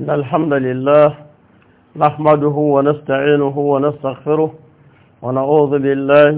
إن الحمد لله نحمده ونستعينه ونستغفره ونعوذ بالله